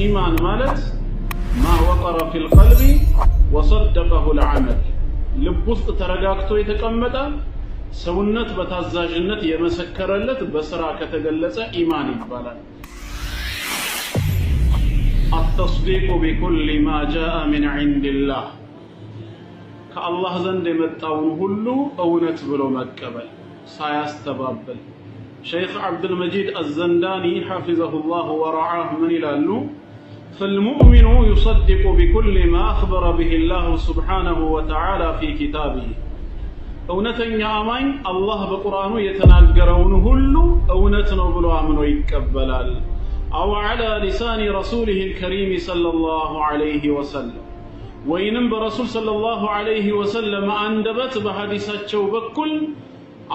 إيمان مالت ما وقر في القلب وصدقه العمل لبوست ترقاكتو يتقمت سونت بتازاجنت يمسكرلت بسرعة كتقلت إيمان إقبالا التصديق بكل ما جاء من عند الله كالله زند متاون هلو أو نتبلو مكبل سيستبابل شيخ عبد المجيد الزنداني حفظه الله ورعاه من إلى النوم فالمؤمن يصدق بكل ما أخبر به الله سبحانه وتعالى في كتابه እውነተኛ አማኝ አላህ በቁርአኑ የተናገረውን ሁሉ እውነት ነው ብሎ አምኖ ይቀበላል አው ዐላ ሊሳኒ ረሱሊህ ልከሪም ሰለላሁ ዐለይሂ ወሰለም ወይንም በረሱል ሰለላሁ ዐለይሂ ወሰለም አንደበት በሐዲሳቸው በኩል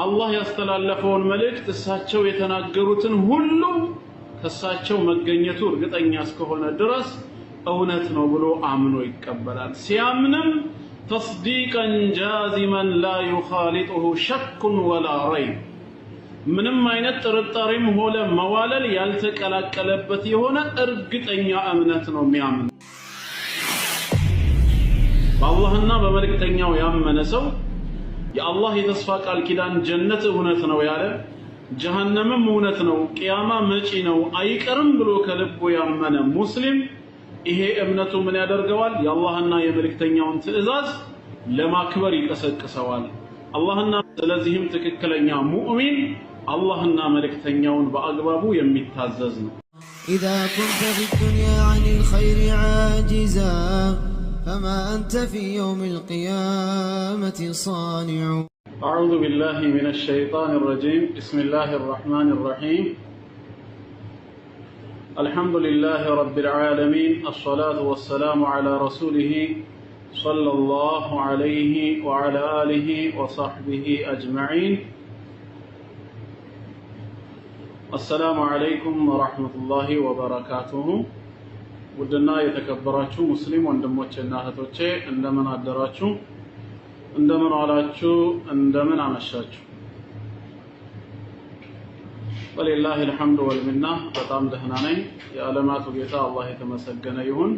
አላህ ያስተላለፈውን መልእክት እሳቸው የተናገሩትን ሁሉ ከእሳቸው መገኘቱ እርግጠኛ እስከሆነ ድረስ እውነት ነው ብሎ አምኖ ይቀበላል። ሲያምንም ተስዲቀን ጃዚመን ላ ዩኻሊጡሁ ሸኩን ወላ ረይብ፣ ምንም አይነት ጥርጣሬም ሆነ መዋለል ያልተቀላቀለበት የሆነ እርግጠኛ እምነት ነው የሚያምን። በአላህና በመልእክተኛው ያመነ ሰው የአላህ የተስፋ ቃል ኪዳን ጀነት እውነት ነው ያለ ጀሃነምም እውነት ነው፣ ቅያማ መጪ ነው፣ አይቀርም ብሎ ከልቡ ያመነ ሙስሊም ይሄ እምነቱ ምን ያደርገዋል? የአላህና የመልእክተኛውን ትዕዛዝ ለማክበር ይቀሰቅሰዋል። አላህና ስለዚህም ትክክለኛ ሙእሚን አላህና መልእክተኛውን በአግባቡ የሚታዘዝ ነው። إذا ኩንተ ፊዱንያ الدنيا عن الخير عاجزا فما أنت في يوم القيامة أعوذ بالله من الشيطان الرجيم بسم الله الرحمن الرحيم الحمد لله رب العالمين الصلاة والسلام على رسوله صلى الله عليه وعلى آله وصحبه أجمعين السلام عليكم ورحمة الله وبركاته ودنا يتكبراتشو مسلم وندموتشنا هتوتشي عندما ندراتشو እንደምን ዋላችሁ እንደምን አመሻችሁ ወሊላህ الحمد ወልሚና በጣም ደህና ነኝ የዓለማቱ ጌታ አላህ የተመሰገነ ይሁን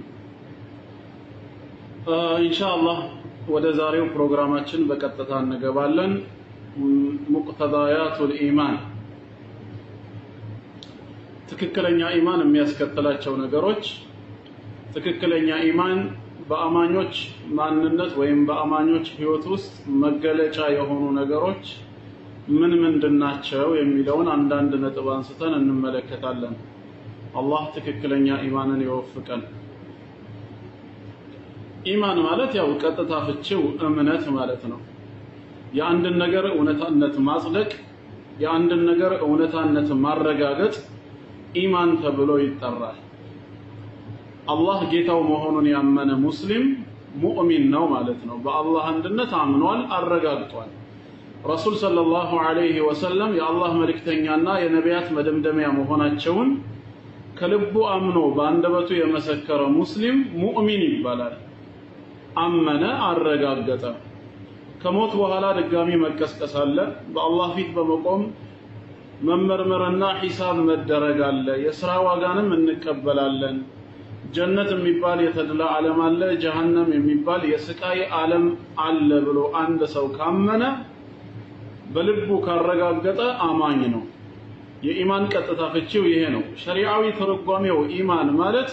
ኢንሻአላህ ወደ ዛሬው ፕሮግራማችን በቀጥታ እንገባለን ሙቅተዳያቱል ኢማን ትክክለኛ ኢማን የሚያስከትላቸው ነገሮች ትክክለኛ ኢማን በአማኞች ማንነት ወይም በአማኞች ህይወት ውስጥ መገለጫ የሆኑ ነገሮች ምን ምንድን ናቸው የሚለውን አንዳንድ ነጥብ አንስተን እንመለከታለን። አላህ ትክክለኛ ኢማንን ይወፍቀን። ኢማን ማለት ያው ቀጥታ ፍቺው እምነት ማለት ነው። የአንድን ነገር እውነታነት ማጽደቅ፣ የአንድን ነገር እውነታነት ማረጋገጥ ኢማን ተብሎ ይጠራል። አላህ ጌታው መሆኑን ያመነ ሙስሊም ሙእሚን ነው ማለት ነው። በአላህ አንድነት አምኗል፣ አረጋግጧል። ረሱል ሰለላሁ ዐለይሂ ወሰለም የአላህ መልእክተኛና የነቢያት መደምደሚያ መሆናቸውን ከልቡ አምኖ በአንደበቱ የመሰከረ ሙስሊም ሙእሚን ይባላል። አመነ፣ አረጋገጠ። ከሞት በኋላ ድጋሚ መቀስቀስ አለ። በአላህ ፊት በመቆም መመርመርና ሂሳብ መደረግ አለ። የሥራ ዋጋንም እንቀበላለን። ጀነት የሚባል የተድላ ዓለም አለ፣ جهنم የሚባል የስቃይ عالم አለ بلو عند سو كامنا بلبو كارغا አማኝ امانينو የኢማን ايمان ፍቺው ይሄ يهنو شريعوي ትርጓሜው ايمان مالت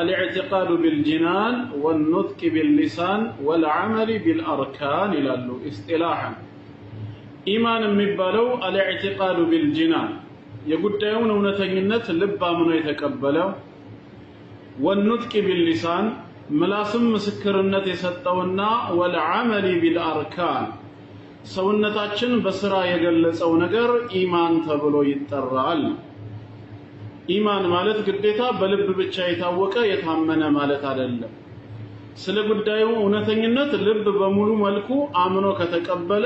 الاعتقاد بالجنان والنطق باللسان والعمل بالأركان لالو استلاحا ايمان ميبالو الاعتقاد بالجنان የጉዳዩን እውነተኝነት ልብ አምኖ የተቀበለው ወኑጥቂ ቢልሊሳን ምላስም ምስክርነት የሰጠውና ወልዓመሊ ቢልአርካን ሰውነታችን በስራ የገለጸው ነገር ኢማን ተብሎ ይጠራል። ኢማን ማለት ግዴታ በልብ ብቻ የታወቀ የታመነ ማለት አይደለም። ስለ ጉዳዩ እውነተኝነት ልብ በሙሉ መልኩ አምኖ ከተቀበለ፣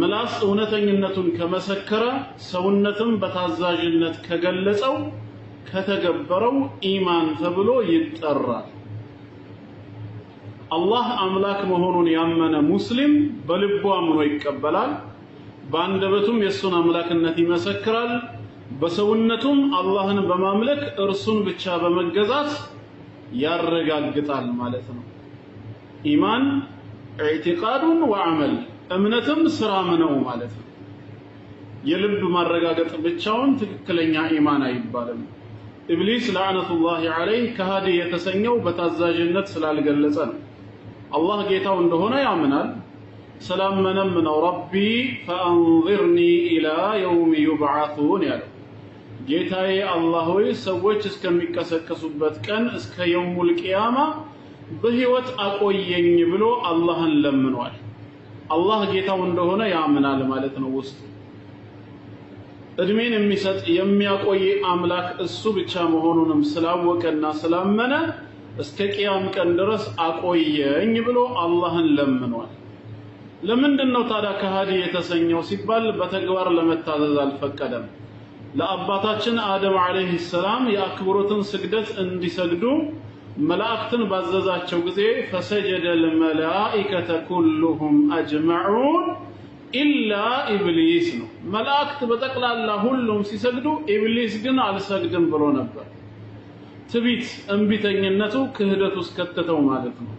ምላስ እውነተኝነቱን ከመሰከረ፣ ሰውነትም በታዛዥነት ከገለጸው ከተገበረው ኢማን ተብሎ ይጠራል። አላህ አምላክ መሆኑን ያመነ ሙስሊም በልቡ አምኖ ይቀበላል። በአንደበቱም የእሱን አምላክነት ይመሰክራል። በሰውነቱም አላህን በማምለክ እርሱን ብቻ በመገዛት ያረጋግጣል ማለት ነው። ኢማን ኢዕቲቃዱን ወዐመል እምነትም ስራም ነው ማለት ነው። የልብ ማረጋገጥ ብቻውን ትክክለኛ ኢማን አይባልም። ኢብሊስ ለዕነቱላሂ ዐለይህ ከሃዲ የተሰኘው በታዛዥነት ስላልገለጸ ነው። አላህ ጌታው እንደሆነ ያምናል። ስላመነም ነው ረቢ ፈአንዚርኒ ኢላ የውም ዩብዓቱን ያለው። ጌታዬ አላህ ሆይ ሰዎች እስከሚቀሰቀሱበት ቀን እስከ የውሙል ቂያማ በህይወት አቆየኝ ብሎ አላህን ለምኗል። አላህ ጌታው እንደሆነ ያምናል ማለት ነው ውስጡ እድሜን የሚሰጥ የሚያቆይ አምላክ እሱ ብቻ መሆኑንም ስላወቀና ስላመነ እስከ ቅያም ቀን ድረስ አቆየኝ ብሎ አላህን ለምኗል። ለምንድን ነው ታዲያ ከሃዲ የተሰኘው ሲባል በተግባር ለመታዘዝ አልፈቀደም። ለአባታችን አደም ዓለይሂ ሰላም የአክብሮትን ስግደት እንዲሰግዱ መላእክትን ባዘዛቸው ጊዜ ፈሰጀደል መላኢከተ ኩሉሁም አጅመዑን ኢላ ኢብሊስ ነው። መላእክት በጠቅላላ ሁሉም ሲሰግዱ፣ ኢብሊስ ግን አልሰግድም ብሎ ነበር። ትቢት እንቢተኝነቱ ክህደቱ እስከተተው ማለት ነው።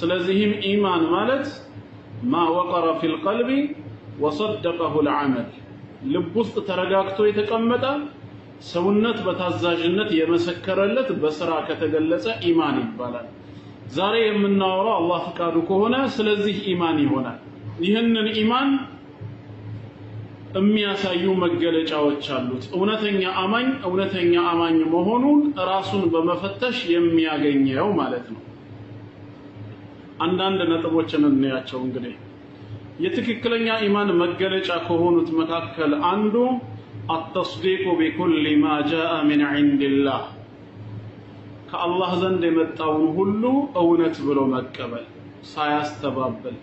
ስለዚህም ኢማን ማለት ማ ወቀረ ፊል ቀልቢ ወሰደቀሁል ልዓመል ልብ ውስጥ ተረጋግቶ የተቀመጠ ሰውነት በታዛዥነት የመሰከረለት በስራ ከተገለጸ ኢማን ይባላል። ዛሬ የምናወራው አላህ ፍቃዱ ከሆነ ስለዚህ ኢማን ይሆናል። ይህንን ኢማን የሚያሳዩ መገለጫዎች አሉት። እውነተኛ አማኝ እውነተኛ አማኝ መሆኑን ራሱን በመፈተሽ የሚያገኘው ማለት ነው። አንዳንድ ነጥቦችን እናያቸው። እንግዲህ የትክክለኛ ኢማን መገለጫ ከሆኑት መካከል አንዱ አተስዲቁ ቢኩል ማ ጃአ ሚን ዒንዲላህ ከአላህ ዘንድ የመጣውን ሁሉ እውነት ብሎ መቀበል ሳያስተባብል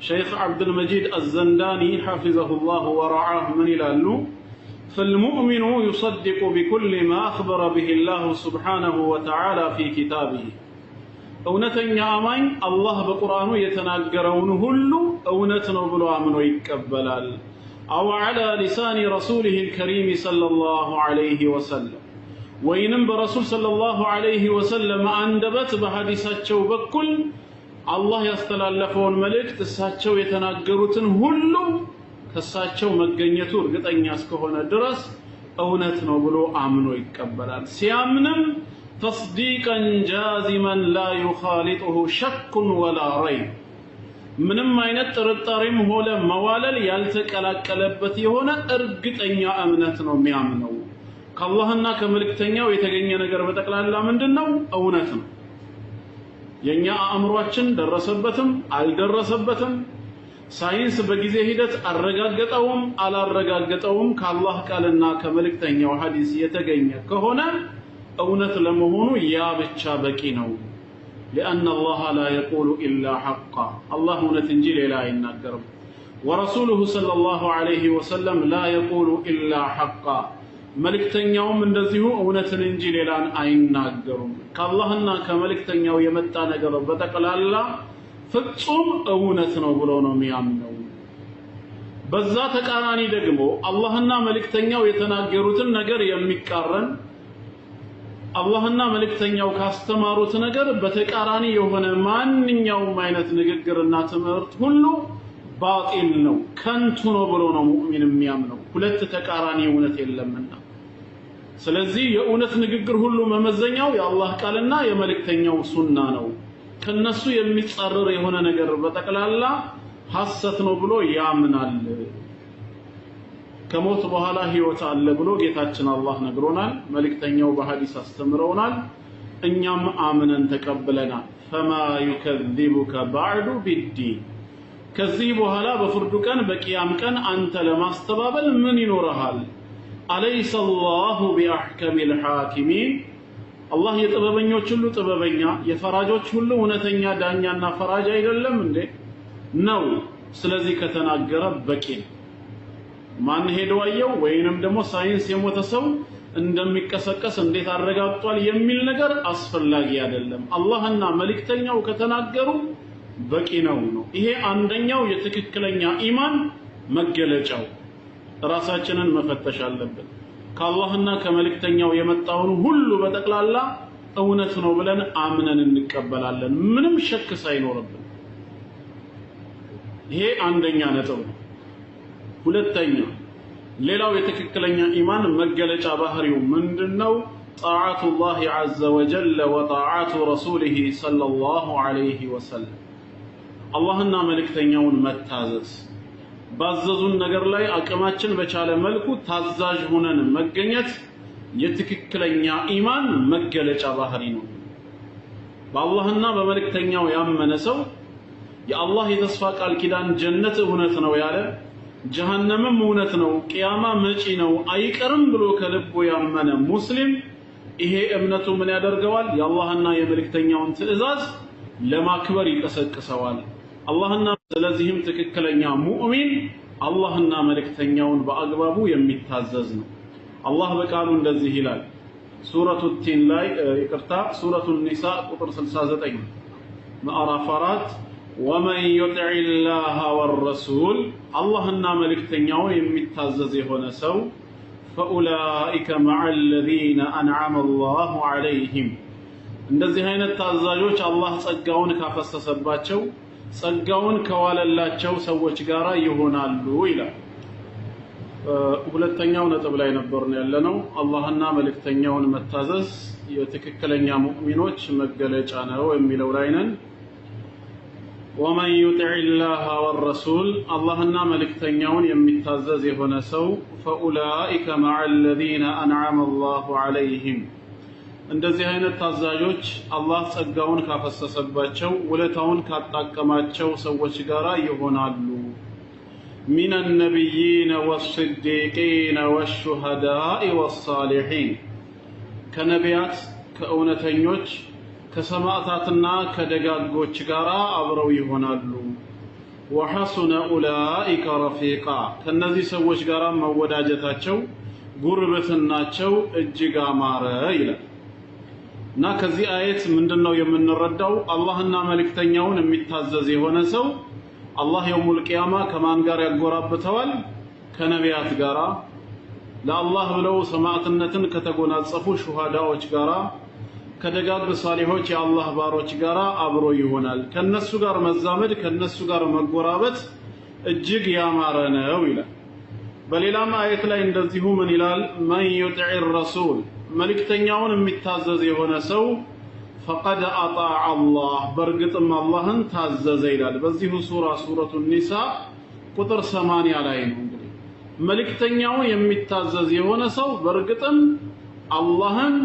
شيخ عبد المجيد الزنداني حفظه الله ورعاه من الى فالمؤمن يصدق بكل ما اخبر به الله سبحانه وتعالى في كتابه اونتن يامن الله بقرآن يتناغرون كله اونت نو بلو آمن يقبلال او على لسان رسوله الكريم صلى الله عليه وسلم وينم برسول صلى الله عليه وسلم عند بت بحديثه بكل አላህ ያስተላለፈውን መልእክት እሳቸው የተናገሩትን ሁሉ ከእሳቸው መገኘቱ እርግጠኛ እስከሆነ ድረስ እውነት ነው ብሎ አምኖ ይቀበላል። ሲያምንም ተስዲቀን ጃዚመን ላ ዩኻሊጡሁ ሸኩን ወላ ረይብ ምንም አይነት ጥርጣሬም ሆነ መዋለል ያልተቀላቀለበት የሆነ እርግጠኛ እምነት ነው የሚያምነው። ከአላህና ከመልእክተኛው የተገኘ ነገር በጠቅላላ ምንድን ነው? እውነት ነው። የኛ አእምሯችን ደረሰበትም አልደረሰበትም ሳይንስ በጊዜ ሂደት አረጋገጠውም አላረጋገጠውም ከአላህ ቃልና ከመልእክተኛው ሐዲስ የተገኘ ከሆነ እውነት ለመሆኑ ያ ብቻ በቂ ነው። لأن الله لا يقول إلا حقا الله نتنجي لا ينكرم ورسوله صلى الله عليه وسلم لا يقول إلا حقا መልእክተኛውም እንደዚሁ እውነትን እንጂ ሌላን አይናገሩም። ከአላህና ከመልእክተኛው የመጣ ነገር በጠቅላላ ፍጹም እውነት ነው ብሎ ነው የሚያምነው። በዛ ተቃራኒ ደግሞ አላህና መልእክተኛው የተናገሩትን ነገር የሚቃረን አላህና መልእክተኛው ካስተማሩት ነገር በተቃራኒ የሆነ ማንኛውም አይነት ንግግርና ትምህርት ሁሉ ባጢል ነው፣ ከንቱ ነው ብሎ ነው ሙእሚን የሚያምነው። ሁለት ተቃራኒ እውነት የለምና ስለዚህ የእውነት ንግግር ሁሉ መመዘኛው የአላህ ቃልና የመልእክተኛው ሱና ነው። ከነሱ የሚጻረር የሆነ ነገር በጠቅላላ ሐሰት ነው ብሎ ያምናል። ከሞት በኋላ ህይወት አለ ብሎ ጌታችን አላህ ነግሮናል። መልእክተኛው በሐዲስ አስተምረውናል። እኛም አምነን ተቀብለናል። ፈማ ዩከዚቡከ ባዕዱ ቢዲን ከዚህ በኋላ በፍርዱ ቀን በቅያም ቀን አንተ ለማስተባበል ምን ይኖረሃል? አለይሰ አላሁ ቢአሕከም አላህ የጥበበኞች ሁሉ ጥበበኛ የፈራጆች ሁሉ እውነተኛ ዳኛና ፈራጅ አይደለም እንዴ ነው ስለዚህ ከተናገረ በቂ ነው ማን ሄዶ አየው ወይንም ደግሞ ሳይንስ የሞተ ሰው እንደሚቀሰቀስ እንዴት አረጋግጧል የሚል ነገር አስፈላጊ አይደለም አላህና መልእክተኛው ከተናገሩ በቂ ነው ነው ይሄ አንደኛው የትክክለኛ ኢማን መገለጫው ራሳችንን መፈተሽ አለብን። ከአላህና ከመልእክተኛው የመጣውን ሁሉ በጠቅላላ እውነት ነው ብለን አምነን እንቀበላለን፣ ምንም ሸክ ሳይኖርብን። ይሄ አንደኛ ነጥብ ነው። ሁለተኛ ሌላው የትክክለኛ ኢማን መገለጫ ባህሪው ምንድነው? طاعة الله عز وجل وطاعة رسوله صلى الله عليه وسلم اللهنا ባዘዙን ነገር ላይ አቅማችን በቻለ መልኩ ታዛዥ ሆነን መገኘት የትክክለኛ ኢማን መገለጫ ባህሪ ነው። በአላህና በመልእክተኛው ያመነ ሰው የአላህ የተስፋ ቃል ኪዳን ጀነት እውነት ነው ያለ፣ ጀሃነምም እውነት ነው፣ ቅያማ መጪ ነው፣ አይቀርም ብሎ ከልቡ ያመነ ሙስሊም ይሄ እምነቱ ምን ያደርገዋል? የአላህና የመልእክተኛውን ትዕዛዝ ለማክበር ይቀሰቅሰዋል። አላህና ስለዚህም ትክክለኛ ሙእሚን አላህና መልእክተኛውን በአግባቡ የሚታዘዝ ነው። አላህ በቃሉ እንደዚህ ይላል ሱረቱ ቲን ላይ ይቅርታ፣ ሱረቱ ኒሳ ቁጥር 69 ምዕራፍ 4 ወመን ዩጥዕ ላህ ወረሱል አላህና መልእክተኛው የሚታዘዝ የሆነ ሰው ፈኡላኢከ መዓ አለዚነ አንዓመ አላሁ ዐለይሂም እንደዚህ አይነት ታዛዦች አላህ ጸጋውን ካፈሰሰባቸው ጸጋውን ከዋለላቸው ሰዎች ጋር ይሆናሉ ይላል። ሁለተኛው ነጥብ ላይ ነው ያለነው። አላህና መልእክተኛውን መታዘዝ የትክክለኛ ሙእሚኖች መገለጫ ነው የሚለው ላይ ነን። ወመን ዩጢዕ ላህ ወረሱል አላህና መልእክተኛውን የሚታዘዝ የሆነ ሰው ፈኡላኢከ መዐ አለዚነ አንዐመ አላሁ ዐለይሂም እንደዚህ አይነት ታዛዦች አላህ ጸጋውን ካፈሰሰባቸው ውለታውን ካጣቀማቸው ሰዎች ጋር ይሆናሉ። ሚነ ነቢይነ ወስዲቂነ ወሹሃዳኢ ወሳሊሒን ከነቢያት ከእውነተኞች ከሰማዕታትና ከደጋጎች ጋር አብረው ይሆናሉ። ወሐሱነ ኡላኢከ ረፊቃ ከእነዚህ ሰዎች ጋር መወዳጀታቸው ጉርብትናቸው እጅግ አማረ ይላል። እና ከዚህ አየት ምንድነው የምንረዳው? አላህና መልእክተኛውን የሚታዘዝ የሆነ ሰው አላህ የውሙል ቂያማ ከማን ጋር ያጎራብተዋል? ከነቢያት ጋራ ለአላህ ብለው ሰማዕትነትን ከተጎናጸፉ ሹሃዳዎች ጋራ ከደጋግ ሳሊሆች የአላህ ባሮች ጋር አብሮ ይሆናል። ከነሱ ጋር መዛመድ፣ ከነሱ ጋር መጎራበት እጅግ ያማረ ነው ይላል። በሌላም አየት ላይ እንደዚሁ ምን ይላል? መን ዩጥዕ ረሱል መልእክተኛውን የሚታዘዝ የሆነ ሰው ፈቀድ አጣዕ አላህ በእርግጥም አላህን ታዘዘ ይላል። በዚሁ ሱራ ሱረቱ ኒሳ ቁጥር ሰማንያ ላይ ነው። እንግዲህ መልእክተኛውን የሚታዘዝ የሆነ ሰው በእርግጥም አላህን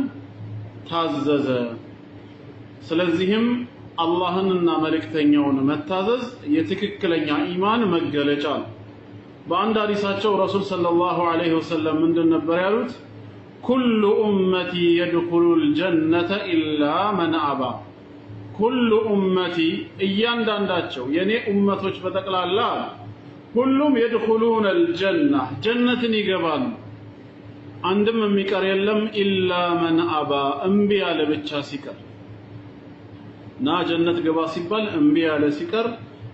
ታዘዘ። ስለዚህም አላህንና መልእክተኛውን መታዘዝ የትክክለኛ ኢማን መገለጫ ነው። በአንድ አዲሳቸው ረሱል ሰለላሁ ዐለይሂ ወሰለም ምንድን ነበር ያሉት? ኩሉ ኡመቲ የድኹሉል ጀነተ ኢላ መን አባ። ኩሉ ኡመቲ እያንዳንዳቸው የእኔ ኡመቶች በጠቅላላ ሁሉም የድኹሉነ ልጀና ጀነትን ይገባሉ። አንድም የሚቀር የለም ኢላ መን አባ እምቢ ያለ ብቻ ሲቀር ና ጀነት ገባ ሲባል እምቢ ያለ ሲቀር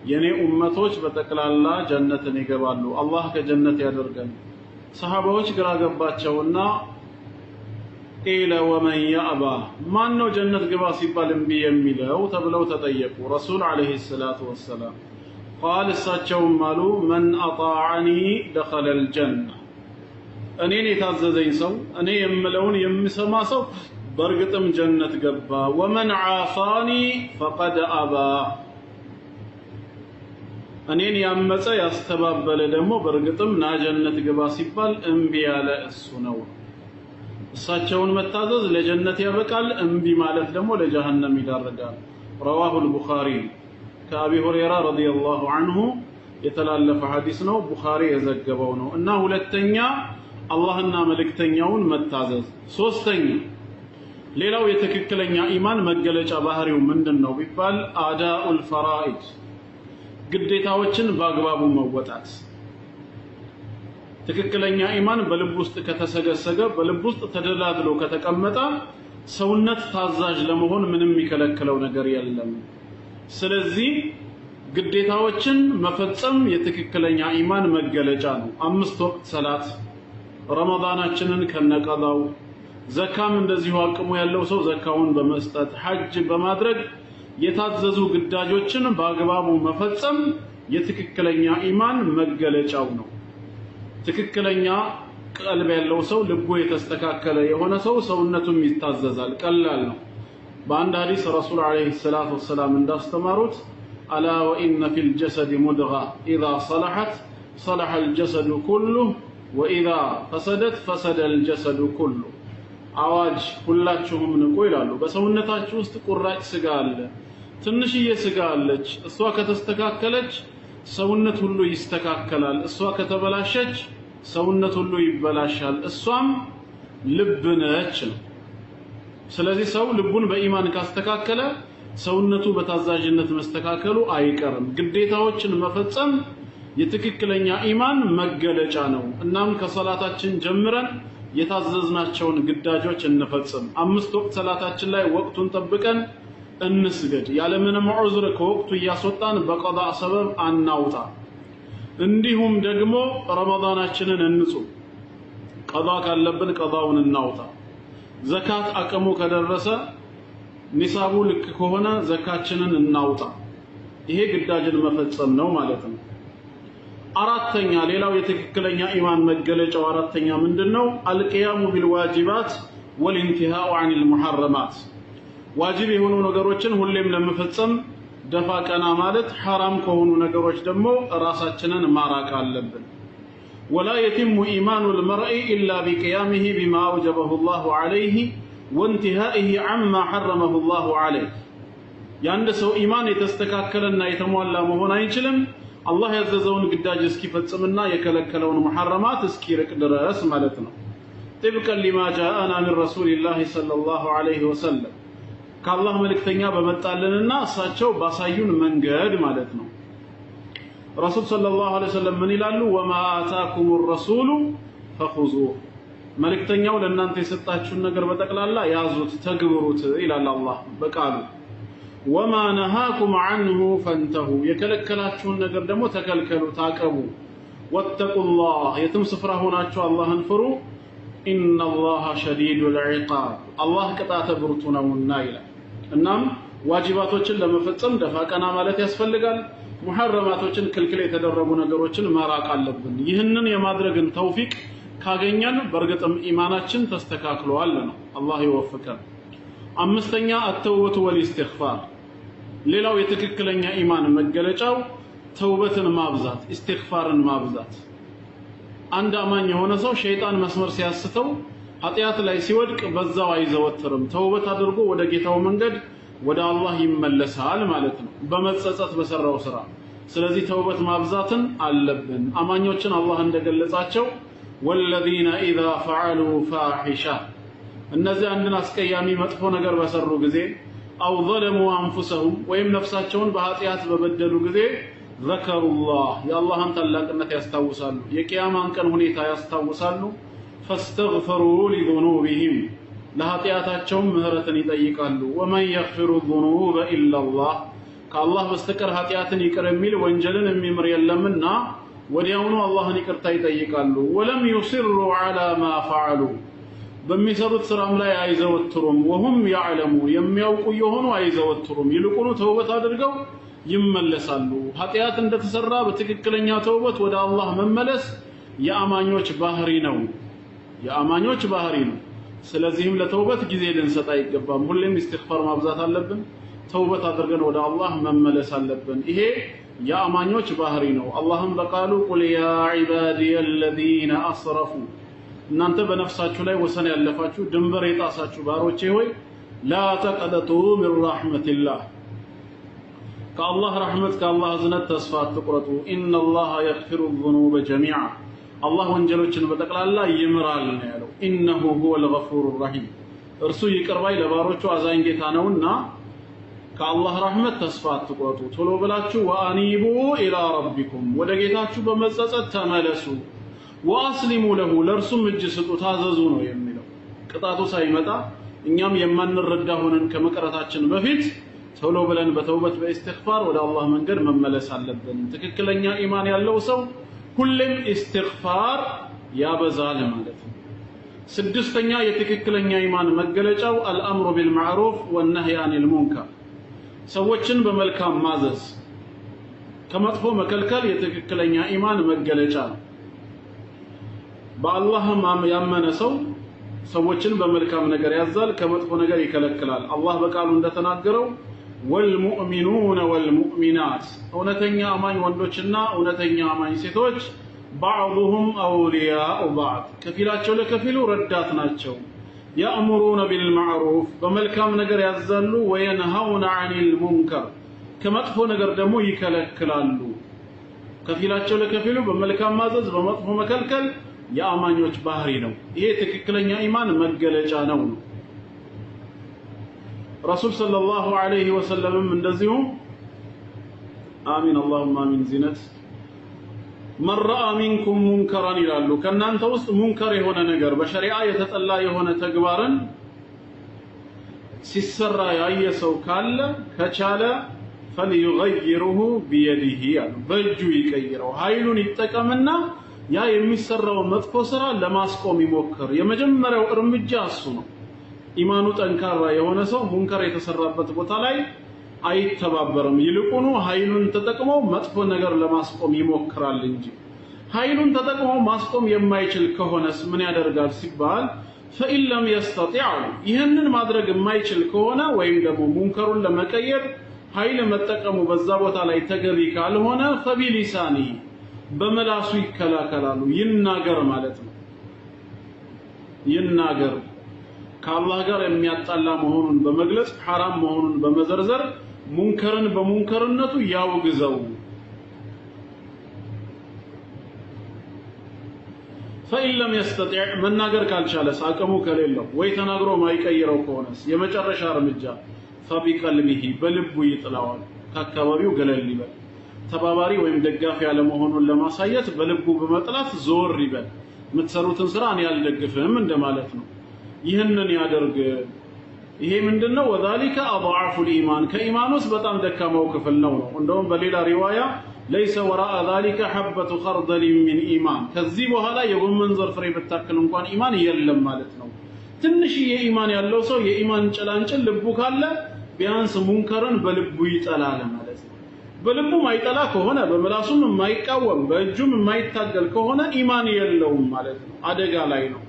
የኔ ኡመቶች በጠቅላላ ጀነትን ይገባሉ። አላህ ከጀነት ያደርገን። ሰሃባዎች ግራ ገባቸውና ቂለ ወመን ያአባ ማን ነው ጀነት ግባ ሲባል እምቢ የሚለው ተብለው ተጠየቁ። ረሱል ዓለይሂ ሰላቱ ወሰላም ቃል እሳቸውም አሉ መን አጣዓኒ ደኸለ ልጀና እኔን የታዘዘኝ ሰው እኔ የምለውን የሚሰማ ሰው በእርግጥም ጀነት ገባ። ወመን ዓፋኒ ፈቀድ አባ እኔን ያመፀ ያስተባበለ ደግሞ በእርግጥም ና ግባ ሲባል እምቢ ያለ እሱ ነው። እሳቸውን መታዘዝ ለጀነት ያበቃል፣ እምቢ ማለት ደግሞ ለጀሃነም ይዳርጋል። رواه البخاري ከአቢ ሁረይራ ረዲየላሁ አንሁ የተላለፈ ሐዲስ ነው። ቡኻሪ የዘገበው ነው። እና ሁለተኛ አላህና መልእክተኛውን መታዘዝ። ሶስተኛ ሌላው የትክክለኛ ኢማን መገለጫ ባህሪው ምንድን ነው ቢባል አዳኡል ፈራኢድ ግዴታዎችን በአግባቡ መወጣት ትክክለኛ ኢማን በልብ ውስጥ ከተሰገሰገ በልብ ውስጥ ተደላድሎ ከተቀመጠ ሰውነት ታዛዥ ለመሆን ምንም የሚከለክለው ነገር የለም። ስለዚህ ግዴታዎችን መፈጸም የትክክለኛ ኢማን መገለጫ ነው። አምስት ወቅት ሰላት፣ ረመዳናችንን ከነቀዳው ዘካም እንደዚሁ አቅሙ ያለው ሰው ዘካውን በመስጠት ሐጅ በማድረግ የታዘዙ ግዳጆችን በአግባቡ መፈጸም የትክክለኛ ኢማን መገለጫው ነው። ትክክለኛ ቀልብ ያለው ሰው ልቡ የተስተካከለ የሆነ ሰው ሰውነቱም ይታዘዛል። ቀላል ነው። በአንድ ሀዲስ ረሱል ዓለይሂ ሰላቱ ወሰላም እንዳስተማሩት አላ ወኢነ ፊል ጀሰድ ሙድጋ ኢዛ ሰለሐት ሰለሐ ጀሰዱ ኩሉ ወኢዛ ፈሰደት ፈሰደል ጀሰዱ ኩሉ አዋጅ ሁላችሁም ንቁ ይላሉ። በሰውነታችሁ ውስጥ ቁራጭ ስጋ አለ፣ ትንሽዬ ስጋ አለች። እሷ ከተስተካከለች ሰውነት ሁሉ ይስተካከላል። እሷ ከተበላሸች ሰውነት ሁሉ ይበላሻል። እሷም ልብ ነች ነው። ስለዚህ ሰው ልቡን በኢማን ካስተካከለ ሰውነቱ በታዛዥነት መስተካከሉ አይቀርም። ግዴታዎችን መፈጸም የትክክለኛ ኢማን መገለጫ ነው። እናም ከሰላታችን ጀምረን የታዘዝናቸውን ግዳጆች እንፈጽም። አምስት ወቅት ሰላታችን ላይ ወቅቱን ጠብቀን እንስገድ። ያለምንም ዑዝር ከወቅቱ እያስወጣን በቀዳ ሰበብ አናውጣ። እንዲሁም ደግሞ ረመዳናችንን እንጹም። ቀዳ ካለብን ቀዳውን እናውጣ። ዘካት አቅሙ ከደረሰ ኒሳቡ ልክ ከሆነ ዘካችንን እናውጣ። ይሄ ግዳጅን መፈጸም ነው ማለት ነው። አራተኛ ሌላው የትክክለኛ ኢማን መገለጫው አራተኛ ምንድን ነው? አልቅያሙ ቢልዋጅባት ወልኢንቲሃኡ አኒል ሙሐረማት ዋጅብ የሆኑ ነገሮችን ሁሌም ለመፈጸም ደፋ ቀና ማለት፣ ሐራም ከሆኑ ነገሮች ደግሞ ራሳችንን ማራቅ አለብን። ወላ የቲሙ ኢማኑ ልመርኢ ኢላ ቢቅያሚሂ ቢማ አውጀበሁ ላሁ ዐለይህ ወኢንቲሃኢሂ ዐማ ሐረመሁ ላሁ ዐለይህ። የአንድ ሰው ኢማን የተስተካከለና የተሟላ መሆን አይችልም አላህ ያዘዘውን ግዳጅ እስኪፈጽምና የከለከለውን መሐረማት እስኪርቅ ድረስ ማለት ነው። ጥብቀን ሊማ ጃአና ሚን ረሱሊላህ ሰለላሁ ዐለይሂ ወሰለም ከአላህ መልእክተኛ በመጣልንና እሳቸው ባሳዩን መንገድ ማለት ነው። ረሱል ሰለላሁ ዐለይሂ ወሰለም ምን ይላሉ? ወማ አታኩም ረሱሉ ፈኹዙ መልእክተኛው ለእናንተ የሰጣችሁን ነገር በጠቅላላ ያዙት፣ ተግብሩት ይላል አላህ በቃሉ። ወማ ነሃኩም አንሁ ፈንተሁ የከለከላችሁን ነገር ደግሞ ተከልከሉ ታቀቡ ወተቁላህ የትም ስፍራ ሆናችሁ አላህን ፍሩ ኢነላህ ሸዲዱል ዒቃብ አላህ ቅጣተ ብርቱ ነውና ይላል እናም ዋጅባቶችን ለመፈጸም ደፋ ቀና ማለት ያስፈልጋል ሙሐረማቶችን ክልክል የተደረጉ ነገሮችን መራቅ አለብን ይህንን የማድረግን ተውፊቅ ካገኘን በእርግጥም ኢማናችን ተስተካክሏል ነው አላህ ይወፍቀን አምስተኛ አተውበቱ ወልኢስቲግፋር ሌላው የትክክለኛ ኢማን መገለጫው ተውበትን ማብዛት፣ ኢስቲግፋርን ማብዛት። አንድ አማኝ የሆነ ሰው ሸይጣን መስመር ሲያስተው ኃጢአት ላይ ሲወድቅ በዛው አይዘወትርም። ተውበት አድርጎ ወደ ጌታው መንገድ ወደ አላህ ይመለሳል ማለት ነው፣ በመጸጸት በሰራው ስራ። ስለዚህ ተውበት ማብዛትን አለብን። አማኞችን አላህ እንደገለጻቸው ወለዚነ ኢዛ ፈዐሉ ፋሒሻ፣ እነዚህ አንድን አስቀያሚ መጥፎ ነገር በሰሩ ጊዜ أو ظلموا أنفسهم ويم نفساتهم بهاتيات ببدلوا كذي ذكروا الله يا الله أنت لك أنك يستوصل يا كيام أنك هنيتا يستوصل فاستغفروا لذنوبهم لهاتياتهم مهرة يطيقلوا ومن يغفر الذنوب إلا الله كالله بستكر هاتيات يكرميل وانجلن ممر يلمنا وليونوا الله نكرتا يطيقلوا ولم يصروا على ما فعلوا በሚሰሩት ስራም ላይ አይዘወትሩም ወሁም ያዕለሙ የሚያውቁ የሆኑ አይዘወትሩም ይልቁኑ ተውበት አድርገው ይመለሳሉ ኃጢአት እንደተሰራ በትክክለኛ ተውበት ወደ አላህ መመለስ የአማኞች ባህሪ ነው የአማኞች ባህሪ ነው ስለዚህም ለተውበት ጊዜ ልንሰጥ አይገባም ሁሌም ኢስቲግፋር ማብዛት አለብን ተውበት አድርገን ወደ አላህ መመለስ አለብን ይሄ የአማኞች ባህሪ ነው አላህም በቃሉ ቁል ያ ዒባዲየ አለዚነ አስረፉ እናንተ በነፍሳችሁ ላይ ወሰን ያለፋችሁ ድንበር የጣሳችሁ ባሮቼ ሆይ ላ ተቀነጡ ሚን ረሕመቲላህ ከአላህ ረሕመት ከአላህ እዝነት ተስፋ አትቁረጡ ኢነላሃ የግፊሩ ዙኑበ ጀሚዓ አላህ ወንጀሎችን በጠቅላላ ይምራል ነው ያለው ኢነሁ ሁወ ልገፉሩ ረሒም እርሱ ይቅርባይ ለባሮቹ አዛኝ ጌታ ነውና ከአላህ ረሕመት ተስፋ አትቁረጡ ቶሎ ብላችሁ ወአኒቡ ኢላ ረቢኩም ወደ ጌታችሁ በመጸጸት ተመለሱ ወአስሊሙ ለሁ ለእርሱም እጅ ስጡ ታዘዙ ነው የሚለው። ቅጣቱ ሳይመጣ እኛም የማንረዳ ሆነን ከመቅረታችን በፊት ቶሎ ብለን በተውበት በኢስቲግፋር ወደ አላህ መንገድ መመለስ አለብን። ትክክለኛ ኢማን ያለው ሰው ሁሌም ኢስቲግፋር ያበዛል ማለት ነው። ስድስተኛ የትክክለኛ ኢማን መገለጫው አልአምሩ ቢልማዕሩፍ ወነህይ አኒል ሙንከር፣ ሰዎችን በመልካም ማዘዝ ከመጥፎ መከልከል የትክክለኛ ኢማን መገለጫ ነው። በአላህም ያመነ ሰው ሰዎችን በመልካም ነገር ያዛል፣ ከመጥፎ ነገር ይከለክላል። አላህ በቃሉ እንደተናገረው ወልሙእሚኑነ ወልሙእሚናት እውነተኛ አማኝ ወንዶችና እውነተኛ አማኝ ሴቶች ባዕዱሁም አውሊያኡ ባዕድ ከፊላቸው ለከፊሉ ረዳት ናቸው። ያእምሩነ ቢልማዕሩፍ በመልካም ነገር ያዛሉ፣ ወየንሃውነ አኒል ሙንከር ከመጥፎ ነገር ደግሞ ይከለክላሉ። ከፊላቸው ለከፊሉ በመልካም ማዘዝ፣ በመጥፎ መከልከል የአማኞች ባህሪ ነው። ይሄ ትክክለኛ ኢማን መገለጫ ነው ነው ረሱል ሰለላሁ ዐለይሂ ወሰለምም እንደዚሁ አሚን አላሁማ አሚን ዚነት መን ረአ ሚንኩም ሙንከራን ይላሉ። ከእናንተ ውስጥ ሙንከር የሆነ ነገር በሸሪዓ የተጠላ የሆነ ተግባርን ሲሰራ ያየ ሰው ካለ ከቻለ ፈልዩገይሩሁ ቢየዲሂ አሉ። በእጁ ይቀይረው፣ ኃይሉን ይጠቀምና ያ የሚሰራውን መጥፎ ስራ ለማስቆም ይሞክር። የመጀመሪያው እርምጃ እሱ ነው። ኢማኑ ጠንካራ የሆነ ሰው ሙንከር የተሰራበት ቦታ ላይ አይተባበርም። ይልቁኑ ኃይሉን ተጠቅሞ መጥፎ ነገር ለማስቆም ይሞክራል እንጂ ኃይሉን ተጠቅሞ ማስቆም የማይችል ከሆነስ ምን ያደርጋል ሲባል ፈኢን ለም የስተጢዕ ይህንን ማድረግ የማይችል ከሆነ ወይም ደግሞ ሙንከሩን ለመቀየር ኃይል መጠቀሙ በዛ ቦታ ላይ ተገቢ ካልሆነ ፈቢሊሳኒ በመላሱ ይከላከላሉ ይናገር ማለት ነው ይናገር ከአላህ ጋር የሚያጣላ መሆኑን በመግለጽ ሐራም መሆኑን በመዘርዘር ሙንከርን በሙንከርነቱ ያውግዘው ፈኢን የስተጢዕ መናገር ካልቻለስ አቅሙ ከሌለው ወይ ተናግሮ ማይቀይረው ከሆነስ የመጨረሻ እርምጃ ፈቢቀልቢሂ በልቡ ይጥለዋል ከአካባቢው ገለል ይበል ተባባሪ ወይም ደጋፊ ያለመሆኑን ለማሳየት በልቡ በመጥላት ዞር ይበል፣ የምትሰሩትን ስራ እኔ አልደግፍም እንደማለት ነው። ይህንን ያደርግ። ይሄ ምንድነው? ወዛሊከ አضعፉል ኢማን ከኢማን ውስጥ በጣም ደካማው ክፍል ነው ነው። እንደውም በሌላ ሪዋያ ለይሰ ወራአ ዛሊከ ሐበቱ ኸርደል ሚን ኢማን ከዚህ በኋላ የጎመን ዘር ፍሬ ብታክል እንኳን ኢማን የለም ማለት ነው። ትንሽዬ ኢማን ያለው ሰው የኢማን ጭላንጭል ልቡ ካለ ቢያንስ ሙንከርን በልቡ ይጠላል ማለት ነው። በልቡ ማይጠላ ከሆነ በምላሱም የማይቃወም በእጁም የማይታገል ከሆነ ኢማን የለውም ማለት ነው። አደጋ ላይ ነው።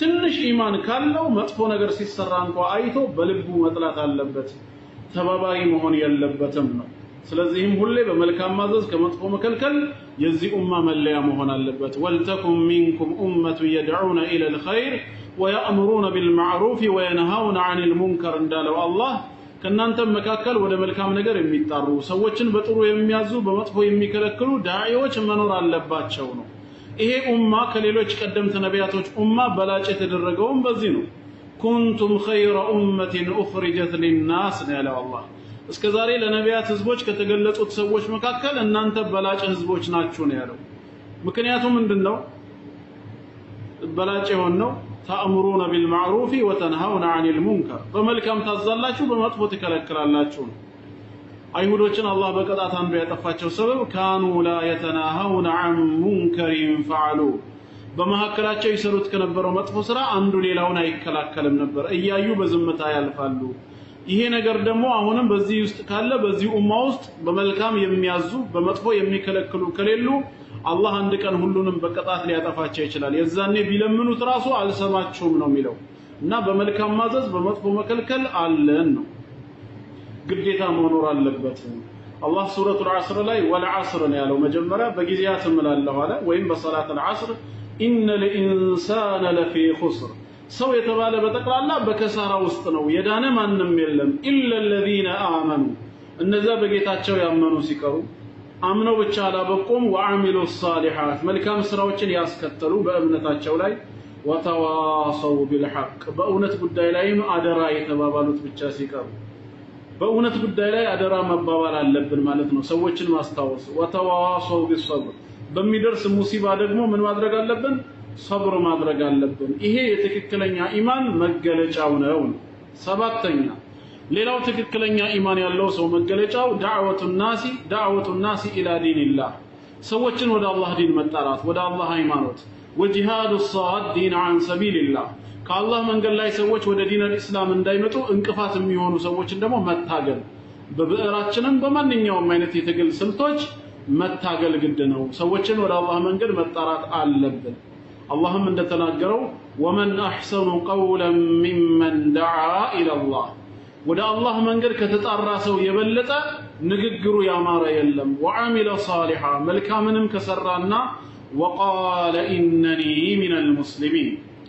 ትንሽ ኢማን ካለው መጥፎ ነገር ሲሰራ እንኳ አይቶ በልቡ መጥላት አለበት፣ ተባባሪ መሆን የለበትም ነው። ስለዚህም ሁሌ በመልካም ማዘዝ ከመጥፎ መከልከል የዚህ ኡማ መለያ መሆን አለበት። ወልተኩም ሚንኩም ኡመቱ የድዑነ ኢለል ኸይር ወየእምሩነ ቢልማዕሩፍ ወየንሃውነ ዐኒል ሙንከር እንዳለው አላህ ከእናንተም መካከል ወደ መልካም ነገር የሚጣሩ ሰዎችን በጥሩ የሚያዙ በመጥፎ የሚከለክሉ ዳዒዎች መኖር አለባቸው ነው። ይሄ ኡማ ከሌሎች ቀደምት ነቢያቶች ኡማ በላጭ የተደረገውም በዚህ ነው። ኩንቱም ኸይረ ኡመቲን ኡኽሪጀት ሊናስ ነው ያለው አላህ። እስከ ዛሬ ለነቢያት ህዝቦች ከተገለጹት ሰዎች መካከል እናንተ በላጭ ህዝቦች ናችሁ ነው ያለው። ምክንያቱም ምንድን ነው? በላጭ የሆን ነው ተአምሩነ ቢልማዕሩፊ ወተንሃውነ አኒል ሙንከር በመልካም ታዛላችሁ በመጥፎ ትከለክላላችሁ ነው አይሁዶችን አላህ በቅጣት አንዱ ያጠፋቸው ሰበብ ካኑ ላ የተናሃውነ አን ሙንከሪን ፈዓሉ በመካከላቸው ይሰሩት ከነበረው መጥፎ ስራ አንዱ ሌላውን አይከላከልም ነበር እያዩ በዝምታ ያልፋሉ ይሄ ነገር ደግሞ አሁንም በዚህ ውስጥ ካለ በዚህ ኡማ ውስጥ በመልካም የሚያዙ በመጥፎ የሚከለክሉ ከሌሉ አላህ አንድ ቀን ሁሉንም በቅጣት ሊያጠፋቸው ይችላል። የዛኔ ቢለምኑት ራሱ አልሰማቸውም ነው የሚለው እና በመልካም ማዘዝ በመጥፎ መከልከል አለን ነው ግዴታ መኖር አለበት። አላህ ሱረቱል ዐስር ላይ ወልዐስር ነው ያለው። መጀመሪያ በጊዜያት እምላለሁ አለ፣ ወይም በሰላተል ዐስር ኢነ ልኢንሳነ ለፊ ኹስር ሰው የተባለ በጠቅላላ በከሳራ ውስጥ ነው። የዳነ ማንም የለም ኢለ ለዚነ አመኑ እነዚያ በጌታቸው ያመኑ ሲቀሩ አምነው ብቻ አላበቁም ወአሚሉ ሳሊሓት መልካም ስራዎችን ያስከተሉ በእምነታቸው ላይ ወተዋሰው ቢልሐቅ በእውነት ጉዳይ ላይም አደራ የተባባሉት ብቻ ሲቀሩ በእውነት ጉዳይ ላይ አደራ መባባል አለብን ማለት ነው። ሰዎችን ማስታወስ ወተዋሰው ቢሰብር በሚደርስ ሙሲባ ደግሞ ምን ማድረግ አለብን? ሰብር ማድረግ አለብን። ይሄ የትክክለኛ ኢማን መገለጫው ነው። ሰባተኛ ሌላው ትክክለኛ ኢማን ያለው ሰው መገለጫው ዳዕወቱ ናሲ ዳዕወቱ ናሲ ኢላ ዲንላህ ሰዎችን ወደ አላህ ዲን መጣራት ወደ አላህ ሃይማኖት ወጂሃዱ ሳዲን አን ሰቢልላህ ከአላህ መንገድ ላይ ሰዎች ወደ ዲን አልእስላም እንዳይመጡ እንቅፋት የሚሆኑ ሰዎችን ደግሞ መታገል በብዕራችንም በማንኛውም አይነት የትግል ስልቶች መታገል ግድ ነው። ሰዎችን ወደ አላህ መንገድ መጣራት አለብን። አላህም እንደተናገረው ወመን አሕሰኑ ቀውለን ሚመን ደዓ ኢለላህ ወደ አላህ መንገድ ከተጣራ ሰው የበለጠ ንግግሩ ያማረ የለም። ወአሚለ ሳሊሓ መልካምንም ከሰራና ወቃለ ኢነኒ ሚነል ሙስሊሚን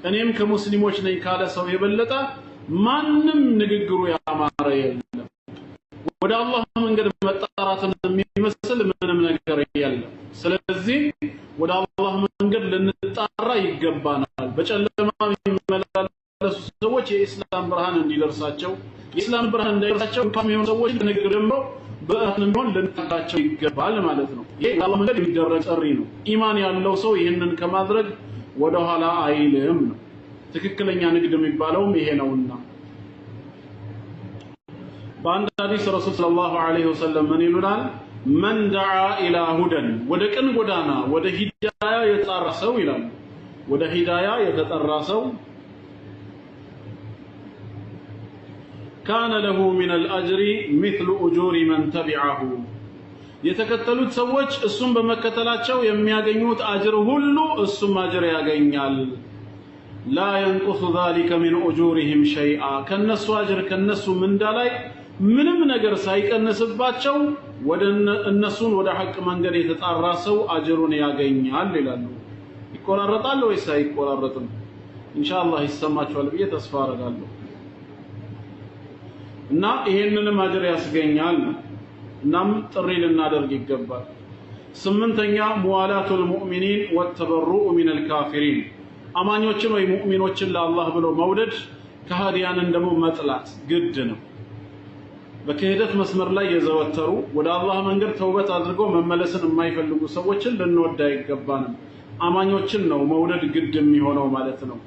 እኔም ከሙስሊሞች ነኝ ካለ ሰው የበለጠ ማንም ንግግሩ ያማረ የለም። ወደ አላህ መንገድ መጣራትን የሚመስል ምንም ነገር የለም። ስለዚህ ወደ አላህ መንገድ ልንጣራ ይገባናል። በጨለማ ይመላል ሰዎች የኢስላም ብርሃን እንዲደርሳቸው የኢስላም ብርሃን እንዳይደርሳቸው እንኳን የሚሆኑ ሰዎች ንግግር ጀምሮ በእህትም ቢሆን ልንጠቃቸው ይገባል ማለት ነው። ይህ ላ መንገድ የሚደረግ ጥሪ ነው። ኢማን ያለው ሰው ይህንን ከማድረግ ወደኋላ አይልም ነው። ትክክለኛ ንግድ የሚባለውም ይሄ ነውና በአንድ ሀዲስ ረሱል ሰለላሁ ዐለይሂ ወሰለም ምን ይሉናል? መን ደዓ ኢላ ሁደን ወደ ቅን ጎዳና ወደ ሂዳያ የተጣራ ሰው ይላል። ወደ ሂዳያ የተጠራ ሰው ካነ ለሁ ሚን አልአጅሪ ሚትሉ ኡጁሪ መን ተቢዐሁ የተከተሉት ሰዎች እሱን በመከተላቸው የሚያገኙት አጅር ሁሉ እሱም አጅር ያገኛል። ላ የንቁሱ ዛሊከ ሚን ኡጁሪሂም ሸይአ ከነሱ አጅር ከነሱ ምንዳ ላይ ምንም ነገር ሳይቀንስባቸው ወደ እነሱን ወደ ሐቅ መንገድ የተጣራ ሰው አጅሩን ያገኛል ይላሉ። ይቆራረጣል ወይስ አይቆራረጥም? ኢንሻአላህ ይሰማቸዋል ብዬ ተስፋ አደርጋለሁ። እና ይሄንንም አጅር ያስገኛል ነው። እናም ጥሪ ልናደርግ ይገባል። ስምንተኛ ሙዋላቱል ሙእሚኒን ወተበሩኡ ሚነል ካፊሪን፣ አማኞችን ወይ ሙእሚኖችን ለአላህ ብሎ መውደድ፣ ከሃዲያንን ደግሞ መጥላት ግድ ነው። በክህደት መስመር ላይ የዘወተሩ ወደ አላህ መንገድ ተውበት አድርገው መመለስን የማይፈልጉ ሰዎችን ልንወድ አይገባንም። አማኞችን ነው መውደድ ግድ የሚሆነው ማለት ነው።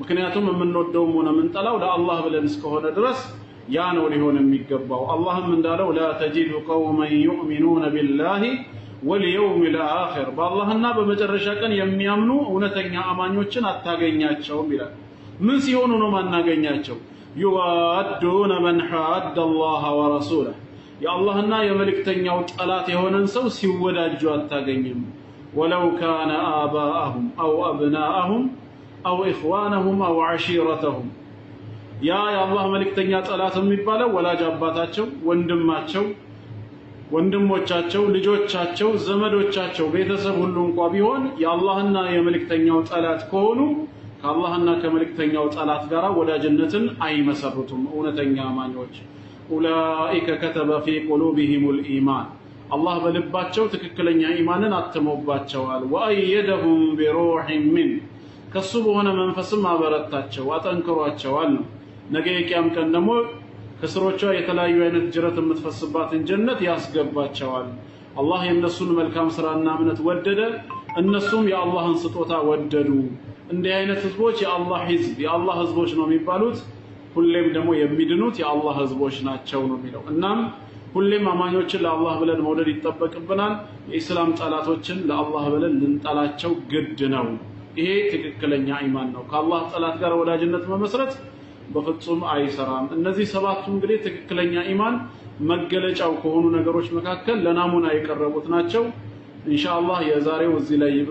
ምክንያቱም የምንወደውም ሆነ የምንጠላው ለአላህ ብለን እስከሆነ ድረስ يانو لهون المقبو اللهم من دالو لا تجد قوما يؤمنون بالله واليوم الآخر با الله النابة مجرشا كان يميامنو ونتقنع أمان يوچن أتاقينيات شوم بلا من سيونو نمان ناقينيات شوم يوادون من حد الله ورسوله يا الله النا يا ملك تنيا وتقلاتي هون انسو سيودا جوات ولو كان آباءهم أو أبناءهم أو إخوانهم أو عشيرتهم ያ የአላህ መልእክተኛ ጠላት የሚባለው ወላጅ አባታቸው፣ ወንድማቸው፣ ወንድሞቻቸው፣ ልጆቻቸው፣ ዘመዶቻቸው፣ ቤተሰብ ሁሉ እንኳ ቢሆን የአላህና የመልእክተኛው ጠላት ከሆኑ ከአላህና ከመልእክተኛው ጠላት ጋር ወዳጅነትን አይመሰርቱም እውነተኛ አማኞች። ኡላኢከ ከተበ ፊ ቁሉቢሂሙል ኢማን አላህ በልባቸው ትክክለኛ ኢማንን አትሞባቸዋል። ወአየደሁም ቢሩሒን ሚን ከሱ በሆነ መንፈስም አበረታቸው አጠንክሯቸዋል ነው። ነገ የቂያም ቀን ደግሞ ከስሮቿ የተለያዩ አይነት ጅረት የምትፈስባትን ጀነት ያስገባቸዋል። አላህ የእነሱን መልካም ስራና እምነት ወደደ፣ እነሱም የአላህን ስጦታ ወደዱ። እንዲህ አይነት ህዝቦች የአላህ ህዝብ የአላህ ህዝቦች ነው የሚባሉት። ሁሌም ደግሞ የሚድኑት የአላህ ህዝቦች ናቸው ነው የሚለው። እናም ሁሌም አማኞችን ለአላህ ብለን መውደድ ይጠበቅብናል። የኢስላም ጠላቶችን ለአላህ ብለን ልንጠላቸው ግድ ነው። ይሄ ትክክለኛ ኢማን ነው። ከአላህ ጠላት ጋር ወዳጅነት መመስረት በፍጹም አይሰራም። እነዚህ ሰባቱ እንግዲህ ትክክለኛ ኢማን መገለጫው ከሆኑ ነገሮች መካከል ለናሙና የቀረቡት ናቸው። ኢንሻአላህ የዛሬው እዚህ ላይ ይብቃ።